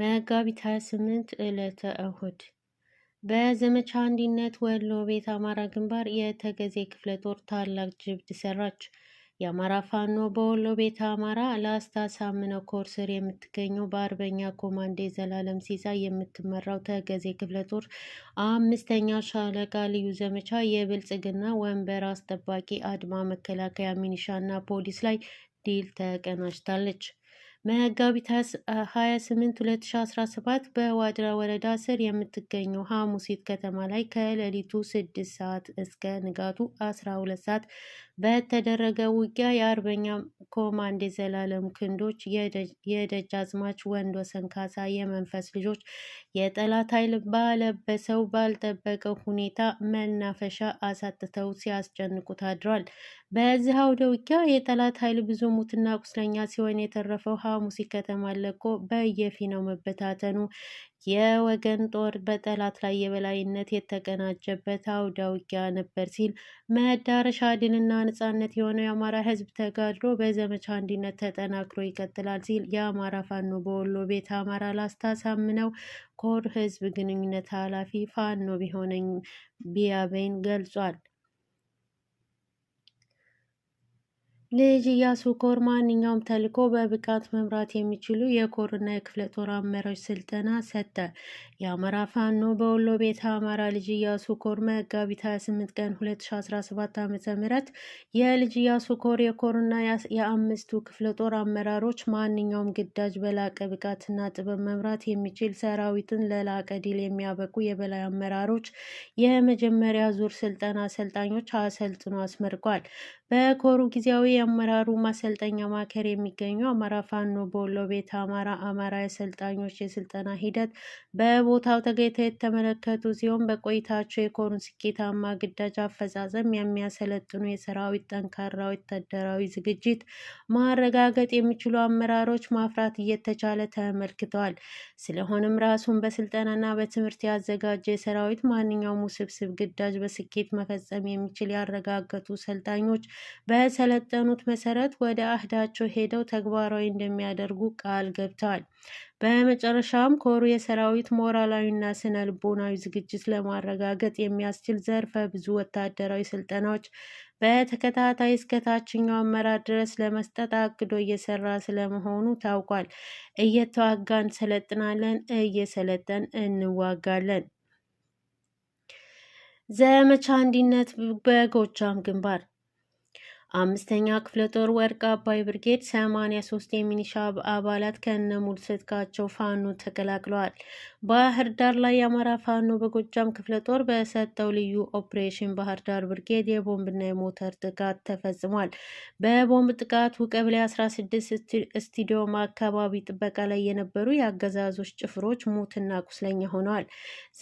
መጋቢት 28 ዕለተ እሁድ በዘመቻ አንድነት ወሎ ቤት አማራ ግንባር የተገዜ ክፍለ ጦር ታላቅ ጅብድ ሰራች። የአማራ ፋኖ በወሎ ቤት አማራ ላስታ ሳምነ ኮር ስር የምትገኘው በአርበኛ ኮማንዴ ዘላለም ሲሳይ የምትመራው ተገዜ ክፍለ ጦር አምስተኛ ሻለቃ ልዩ ዘመቻ የብልጽግና ወንበር አስጠባቂ አድማ መከላከያ ሚኒሻና ፖሊስ ላይ ድል ተቀናጅታለች። መጋቢት 28 2017 በዋድራ ወረዳ ስር የምትገኘው ሐሙሲት ከተማ ላይ ከሌሊቱ 6 ሰዓት እስከ ንጋቱ 12 ሰዓት በተደረገ ውጊያ የአርበኛ ኮማንድ የዘላለም ክንዶች የደጃዝማች ወንድወሰን ካሳ የመንፈስ ልጆች የጠላት ኃይል ባለበሰው ባልጠበቀ ሁኔታ መናፈሻ አሳጥተው ሲያስጨንቁ ታድሯል። በዚህ አውደ ውጊያ የጠላት ኃይል ብዙ ሙትና ቁስለኛ ሲሆን የተረፈው ሐሙስ ከተማ ለቆ በየፊናው መበታተኑ የወገን ጦር በጠላት ላይ የበላይነት የተቀናጀበት አውዳውጊያ ውጊያ ነበር ሲል መዳረሻ ድልና ነጻነት የሆነው የአማራ ህዝብ ተጋድሎ በዘመቻ አንድነት ተጠናክሮ ይቀጥላል ሲል የአማራ ፋኖ በወሎ ቤት አማራ ላስታ ሳምነው ኮር ህዝብ ግንኙነት ኃላፊ ፋኖ ቢሆነኝ ቢያበይን ገልጿል። ልጅ እያሱ ኮር ማንኛውም ተልኮ በብቃት መምራት የሚችሉ የኮርና የክፍለ ጦር አመራሮች ስልጠና ሰጠ። የአማራ ፋኖ በወሎ ቤተ አማራ ልጅ እያሱ ኮር መጋቢት 28 ቀን 2017 ም የልጅ እያሱ ኮር የኮርና የአምስቱ ክፍለ ጦር አመራሮች ማንኛውም ግዳጅ በላቀ ብቃትና ጥበብ መምራት የሚችል ሰራዊትን ለላቀ ድል የሚያበቁ የበላይ አመራሮች የመጀመሪያ ዙር ስልጠና አሰልጣኞች አሰልጥኖ አስመርቋል። በኮሩ ጊዜያዊ የአመራሩ ማሰልጠኛ ማዕከል የሚገኙ አማራ ፋኖ በወሎ ቤተ አማራ አማራ የአሰልጣኞች የስልጠና ሂደት በ በቦታው ተገኝተው የተመለከቱ ሲሆን በቆይታቸው የኮኑ ስኬታማ ግዳጅ አፈጻጸም የሚያሰለጥኑ የሰራዊት ጠንካራ ወታደራዊ ዝግጅት ማረጋገጥ የሚችሉ አመራሮች ማፍራት እየተቻለ ተመልክተዋል። ስለሆነም ራሱን በስልጠናና በትምህርት ያዘጋጀ የሰራዊት ማንኛውም ውስብስብ ግዳጅ በስኬት መፈጸም የሚችል ያረጋገጡ ሰልጣኞች በሰለጠኑት መሰረት ወደ አህዳቸው ሄደው ተግባራዊ እንደሚያደርጉ ቃል ገብተዋል። በመጨረሻም ኮሩ የሰራዊት ሞራላዊና ስነ ልቦናዊ ዝግጅት ለማረጋገጥ የሚያስችል ዘርፈ ብዙ ወታደራዊ ስልጠናዎች በተከታታይ እስከ ታችኛው አመራር ድረስ ለመስጠት አቅዶ እየሰራ ስለመሆኑ ታውቋል። እየተዋጋን ሰለጥናለን፣ እየሰለጠን እንዋጋለን። ዘመቻ አንድነት በጎጃም ግንባር አምስተኛ ክፍለ ጦር ወርቅ አባይ ብርጌድ 83 የሚኒሻ አባላት ከነ ሙሉ ትጥቃቸው ፋኖ ተቀላቅለዋል። ባህር ዳር ላይ የአማራ ፋኖ በጎጃም ክፍለ ጦር በሰጠው ልዩ ኦፕሬሽን ባህር ዳር ብርጌድ የቦምብና የሞተር ጥቃት ተፈጽሟል። በቦምብ ጥቃቱ ቀበሌ 16 ስቱዲዮም አካባቢ ጥበቃ ላይ የነበሩ የአገዛዞች ጭፍሮች ሙትና ቁስለኛ ሆነዋል።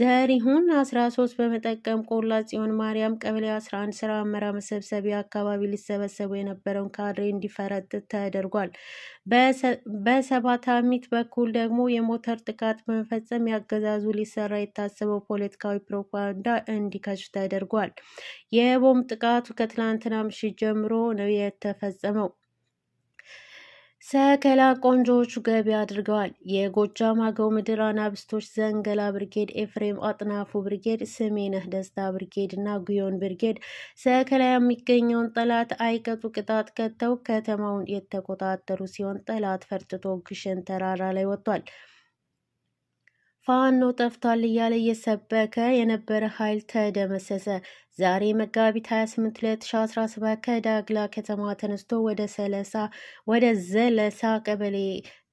ዘሪሁን 13 በመጠቀም ቆላ ጽዮን ማርያም ቀበሌ 11 ስራ አመራ መሰብሰቢያ አካባቢ ሊሰበ ሲሰበሰቡ የነበረውን ካድሬ እንዲፈረጥጥ ተደርጓል። በሰባታሚት በኩል ደግሞ የሞተር ጥቃት በመፈጸም ያገዛዙ ሊሰራ የታሰበው ፖለቲካዊ ፕሮፓጋንዳ እንዲከሽፍ ተደርጓል። የቦምብ ጥቃቱ ከትላንትና ምሽት ጀምሮ ነው የተፈጸመው። ሰከላ ቆንጆዎቹ ገቢ አድርገዋል። የጎጃም አገው ምድር አናብስቶች ዘንገላ ብርጌድ፣ ኤፍሬም አጥናፉ ብርጌድ፣ ስሜነህ ደስታ ብርጌድ እና ጉዮን ብርጌድ ሰከላ የሚገኘውን ጠላት አይቀጡ ቅጣት ከተው ከተማውን የተቆጣጠሩ ሲሆን ጠላት ፈርጥቶ ግሸን ተራራ ላይ ወጥቷል። ፋኖ ጠፍቷል እያለ እየሰበከ የነበረ ኃይል ተደመሰሰ። ዛሬ መጋቢት 28 2017 ከዳግላ ከተማ ተነስቶ ወደ ሰለሳ ወደ ዘለሳ ቀበሌ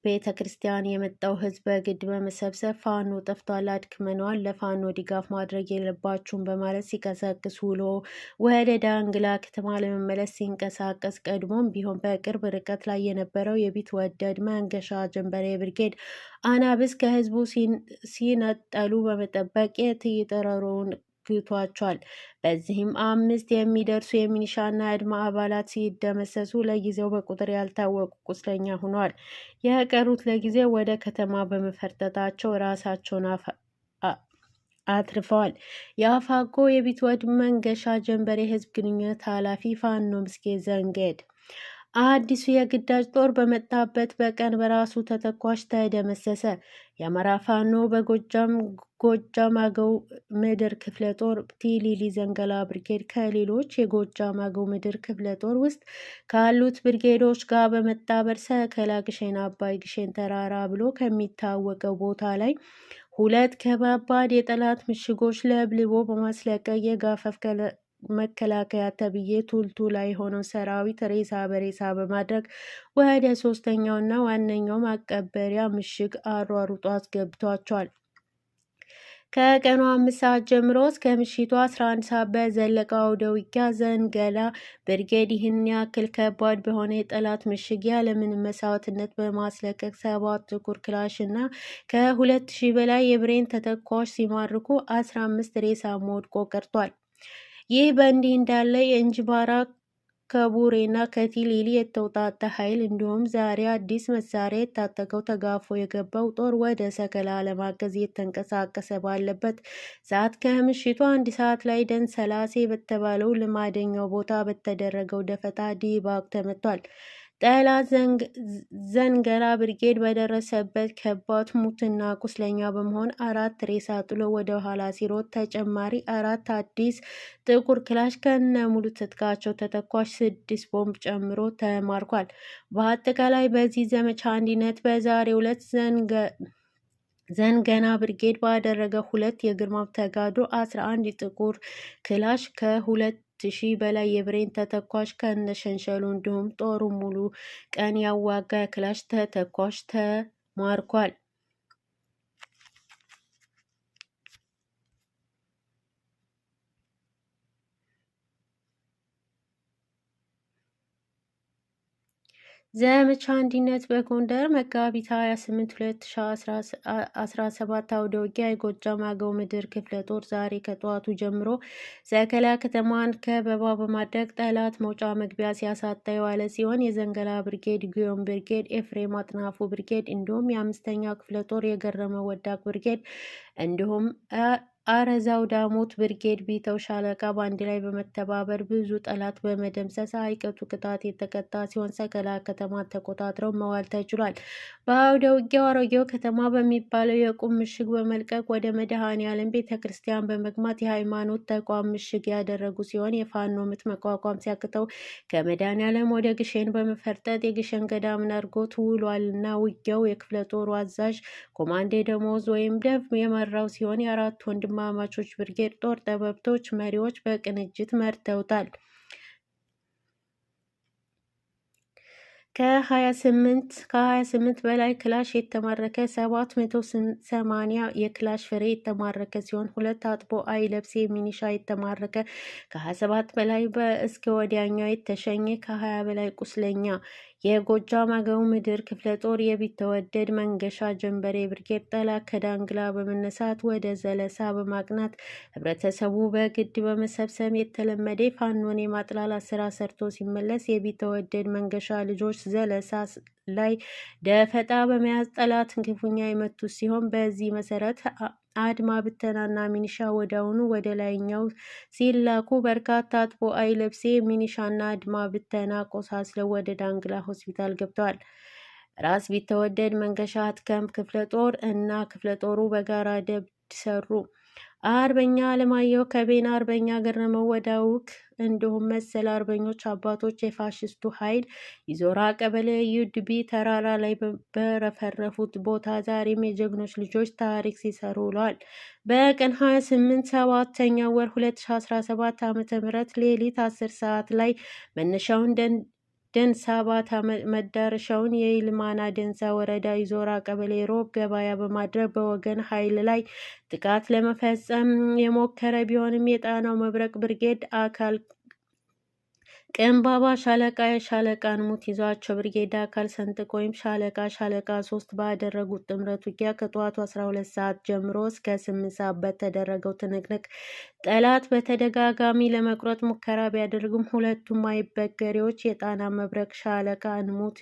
ቤተ ክርስቲያን የመጣው ህዝብ በግድ በመሰብሰብ ፋኖ ጠፍቷል፣ አድክመነዋል፣ ለፋኖ ድጋፍ ማድረግ የለባችሁም በማለት ሲቀሰቅስ ውሎ ወደ ዳንግላ ከተማ ለመመለስ ሲንቀሳቀስ ቀድሞም ቢሆን በቅርብ ርቀት ላይ የነበረው ወደድ መንገሻ ጀንበሬ ብርጌድ አናብስ ከህዝቡ ሲነጠሉ በመጠበቅ የትይጠረሩን አስግቷቸዋል። በዚህም አምስት የሚደርሱ የሚኒሻና የአድማ አባላት ሲደመሰሱ ለጊዜው በቁጥር ያልታወቁ ቁስለኛ ሆነዋል። የቀሩት ለጊዜው ወደ ከተማ በመፈርጠጣቸው ራሳቸውን አትርፈዋል። የአፋጎ የቢትወድ መንገሻ ጀንበር ህዝብ ግንኙነት ኃላፊ ፋኖ ምስጌ ዘንገድ አዲሱ የግዳጅ ጦር በመጣበት በቀን በራሱ ተተኳሽ ተደመሰሰ። የአማራ ፋኖ በጎጃም ጎጃም አገው ምድር ክፍለ ጦር ቲሊሊ ዘንገላ ብርጌድ ከሌሎች የጎጃም አገው ምድር ክፍለ ጦር ውስጥ ካሉት ብርጌዶች ጋር በመጣበር ሰከላ ግሸን አባይ ግሸን ተራራ ብሎ ከሚታወቀው ቦታ ላይ ሁለት ከባባድ የጠላት ምሽጎች ለብልቦ በማስለቀቅ የጋፈፍ መከላከያ ተብዬ ቱልቱ ላይ የሆነው ሰራዊት ሬሳ በሬሳ በማድረግ ወደ ሶስተኛውና ዋነኛው ማቀበሪያ ምሽግ አሯሩጦ አስገብቷቸዋል። ከቀኑ አምስት ሰዓት ጀምሮ እስከ ምሽቱ 11 ሰዓት በዘለቀው አውደ ውጊያ ዘንገላ ብርጌድ ይህን ያክል ከባድ በሆነ የጠላት ምሽግ ያለምንም መስዋዕትነት በማስለቀቅ ሰባት ጥቁር ክላሽ እና ከሁለት ሺህ በላይ የብሬን ተተኳሽ ሲማርኩ አምስት ሬሳ ወድቆ ቀርቷል። ይህ በእንዲህ እንዳለ የእንጅባራ ከቡሬና ከቲሊሊ የተውጣጣ ኃይል እንዲሁም ዛሬ አዲስ መሳሪያ የታጠቀው ተጋፎ የገባው ጦር ወደ ሰከላ ለማገዝ እየተንቀሳቀሰ ባለበት ሰዓት ከምሽቱ አንድ ሰዓት ላይ ደን ሰላሴ በተባለው ልማደኛው ቦታ በተደረገው ደፈጣ ዲባክ ተመቷል። ጠላት ዘንገራ ብርጌድ በደረሰበት ከባድ ሙትና ቁስለኛ በመሆን አራት ሬሳ ጥሎ ወደ ኋላ ሲሮጥ ተጨማሪ አራት አዲስ ጥቁር ክላሽ ከነ ሙሉ ትጥቃቸው ተተኳሽ ስድስት ቦምብ ጨምሮ ተማርኳል። በአጠቃላይ በዚህ ዘመቻ አንድነት በዛሬ ሁለት ዘንገ ዘንገና ብርጌድ ባደረገ ሁለት የግርማ ተጋድሎ 11 ጥቁር ክላሽ ከሁለት ሺህ በላይ የብሬን ተተኳሽ ከነሸንሸሉ እንዲሁም ጦሩ ሙሉ ቀን ያዋጋ ክላሽ ተተኳሽ ተማርኳል። ዘመቻ አንድነት በጎንደር መጋቢት 28 2017 አውደ ውጊያ የጎጃም አገው ምድር ክፍለ ጦር ዛሬ ከጠዋቱ ጀምሮ ሰከላ ከተማን ከበባ በማድረግ ጠላት መውጫ መግቢያ ሲያሳጣ የዋለ ሲሆን የዘንገላ ብርጌድ፣ ጊዮን ብርጌድ፣ ኤፍሬም አጥናፉ ብርጌድ እንዲሁም የአምስተኛ ክፍለ ጦር የገረመ ወዳቅ ብርጌድ እንዲሁም አረዛው ዳሞት ብርጌድ ቢተው ሻለቃ በአንድ ላይ በመተባበር ብዙ ጠላት በመደምሰስ አይቀጡ ቅጣት የተቀጣ ሲሆን ሰከላ ከተማ ተቆጣጥረው መዋል ተችሏል። በአውደ ውጊያው አሮጌው ከተማ በሚባለው የቁም ምሽግ በመልቀቅ ወደ መድኃኔ ዓለም ቤተ ክርስቲያን በመግማት የሃይማኖት ተቋም ምሽግ ያደረጉ ሲሆን የፋኖ ምት መቋቋም ሲያክተው ከመድኃኔ ዓለም ወደ ግሼን በመፈርጠጥ የግሼን ገዳምን አድርጎት ውሏልና ውጊያው የክፍለ ጦሩ አዛዥ ኮማንዴ ደሞዝ ወይም ደብ የመራው ሲሆን የአራት ወንድ ወንድማማቾች ብርጌድ ጦር ጠበብቶች መሪዎች በቅንጅት መርተውታል። ከ28 ከ28 በላይ ክላሽ የተማረከ 780 የክላሽ ፍሬ የተማረከ ሲሆን ሁለት አጥቦ አይ ለብሴ ሚኒሻ የተማረከ ከ27 በላይ በእስከ ወዲያኛው የተሸኘ ከ20 በላይ ቁስለኛ የጎጃም አገው ምድር ክፍለ ጦር የቢተወደድ መንገሻ ጀንበሬ ብርጌድ ጠላት ከዳንግላ በመነሳት ወደ ዘለሳ በማቅናት ህብረተሰቡ በግድ በመሰብሰብ የተለመደ ፋኖን የማጥላላት ስራ ሰርቶ ሲመለስ የቢተወደድ መንገሻ ልጆች ዘለሳ ላይ ደፈጣ በመያዝ ጠላትን ክፉኛ የመቱ ሲሆን በዚህ መሰረት አድማ ብተናና ሚኒሻ ወዲያውኑ ወደ ላይኛው ሲላኩ በርካታ አይ ለብሴ፣ ሚኒሻና አድማ ብተና ቆሳስለው ወደ ዳንግላ ሆስፒታል ገብተዋል። ራስ ቢተወደድ መንገሻ አትከም ክፍለ ጦር እና ክፍለ ጦሩ በጋራ ደብድ ሰሩ። አርበኛ አለማየሁ ከቤና አርበኛ ገረመው ወዳውክ እንዲሁም መሰል አርበኞች አባቶች የፋሽስቱ ኃይል ይዞራ ቀበሌ ዩድቢ ተራራ ላይ በረፈረፉት ቦታ ዛሬም የጀግኖች ልጆች ታሪክ ሲሰሩ ውሏል። በቀን 28 ሰባተኛ ወር 2017 ዓ.ም ሌሊት 10 ሰዓት ላይ መነሻውን ደንሳ መዳረሻውን የይልማና ደንሳ ወረዳ ይዞራ ቀበሌ ሮብ ገበያ በማድረግ በወገን ኃይል ላይ ጥቃት ለመፈጸም የሞከረ ቢሆንም የጣናው መብረቅ ብርጌድ አካል ቀንባባ ሻለቃ የሻለቃን ሙት ይዟቸው ብርጌዳ አካል ሰንጥቅ ወይም ሻለቃ ሻለቃ ሶስት ባደረጉት ጥምረት ውጊያ ከጠዋቱ 12 ሰዓት ጀምሮ እስከ 8 ሰዓት በተደረገው ትንቅንቅ ጠላት በተደጋጋሚ ለመቁረጥ ሙከራ ቢያደርግም ሁለቱም አይበገሬዎች የጣና መብረቅ ሻለቃ እንሙት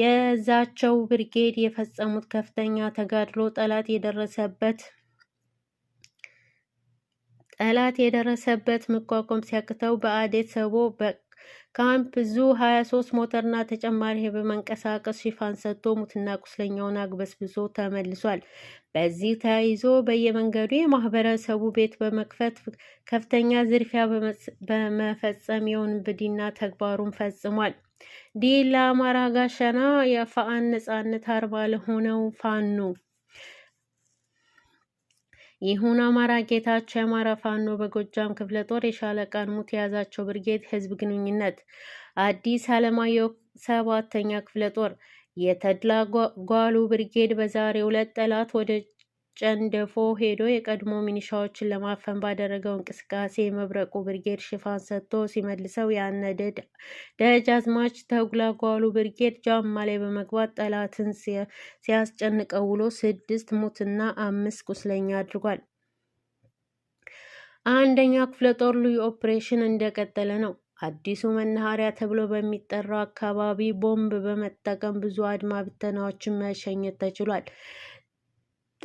የዛቸው ብርጌድ የፈጸሙት ከፍተኛ ተጋድሎ ጠላት የደረሰበት ጠላት የደረሰበት መቋቋም ሲያቅተው በአዴት ሰቦ በካምፕ ዙ 23 ሞተርና ተጨማሪ በመንቀሳቀስ ሽፋን ሰጥቶ ሙትና ቁስለኛውን አግበስብሶ ተመልሷል። በዚህ ተያይዞ በየመንገዱ የማህበረሰቡ ቤት በመክፈት ከፍተኛ ዝርፊያ በመፈጸም የወንብድና ተግባሩን ፈጽሟል። ዲ ለአማራ ጋሸና የፋአን ነጻነት አርባ ለሆነው ፋኑ ይሁን አማራ ጌታቸው የአማራ ፋኖ በጎጃም ክፍለ ጦር የሻለቃ ሙት የያዛቸው ብርጌድ ህዝብ ግንኙነት አዲስ አለማየሁ ሰባተኛ ክፍለ ጦር የተድላ ጓሉ ብርጌድ በዛሬው ዕለት ጠላት ወደ ጨንደፎ ሄዶ የቀድሞ ሚኒሻዎችን ለማፈን ባደረገው እንቅስቃሴ የመብረቁ ብርጌድ ሽፋን ሰጥቶ ሲመልሰው ያነ ደጃዝማች ተጉላጓሉ ብርጌድ ጃማ ላይ በመግባት ጠላትን ሲያስጨንቀው ውሎ ስድስት ሙትና አምስት ቁስለኛ አድርጓል። አንደኛ ክፍለ ጦር ልዩ ኦፕሬሽን እንደቀጠለ ነው። አዲሱ መናኸሪያ ተብሎ በሚጠራው አካባቢ ቦምብ በመጠቀም ብዙ አድማ ብተናዎችን መሸኘት ተችሏል።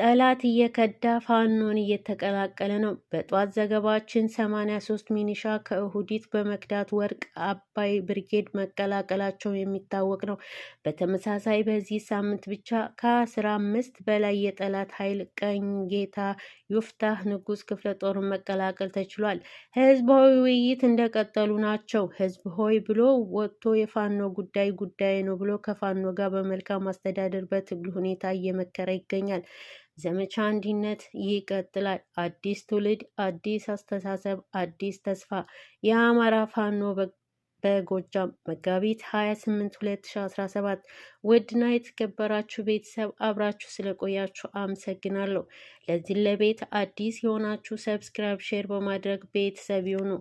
ጠላት እየከዳ ፋኖን እየተቀላቀለ ነው። በጠዋት ዘገባችን 83 ሚኒሻ ከእሁዲት በመክዳት ወርቅ አባይ ብርጌድ መቀላቀላቸው የሚታወቅ ነው። በተመሳሳይ በዚህ ሳምንት ብቻ ከ15 በላይ የጠላት ኃይል ቀኝ ጌታ ዮፍታህ ንጉስ ክፍለ ጦርን መቀላቀል ተችሏል። ህዝባዊ ውይይት እንደቀጠሉ ናቸው። ህዝብ ሆይ ብሎ ወጥቶ የፋኖ ጉዳይ ጉዳይ ነው ብሎ ከፋኖ ጋር በመልካም አስተዳደር በትግል ሁኔታ እየመከረ ይገኛል። ዘመቻ አንድነት ይቀጥላል። አዲስ ትውልድ፣ አዲስ አስተሳሰብ፣ አዲስ ተስፋ። የአማራ ፋኖ በጎጃም መጋቢት 28 2017። ውድና የተከበራችሁ ቤተሰብ አብራችሁ ስለቆያችሁ አመሰግናለሁ። ለዚህ ለቤት አዲስ የሆናችሁ ሰብስክራይብ፣ ሼር በማድረግ ቤተሰብ ይሁኑ።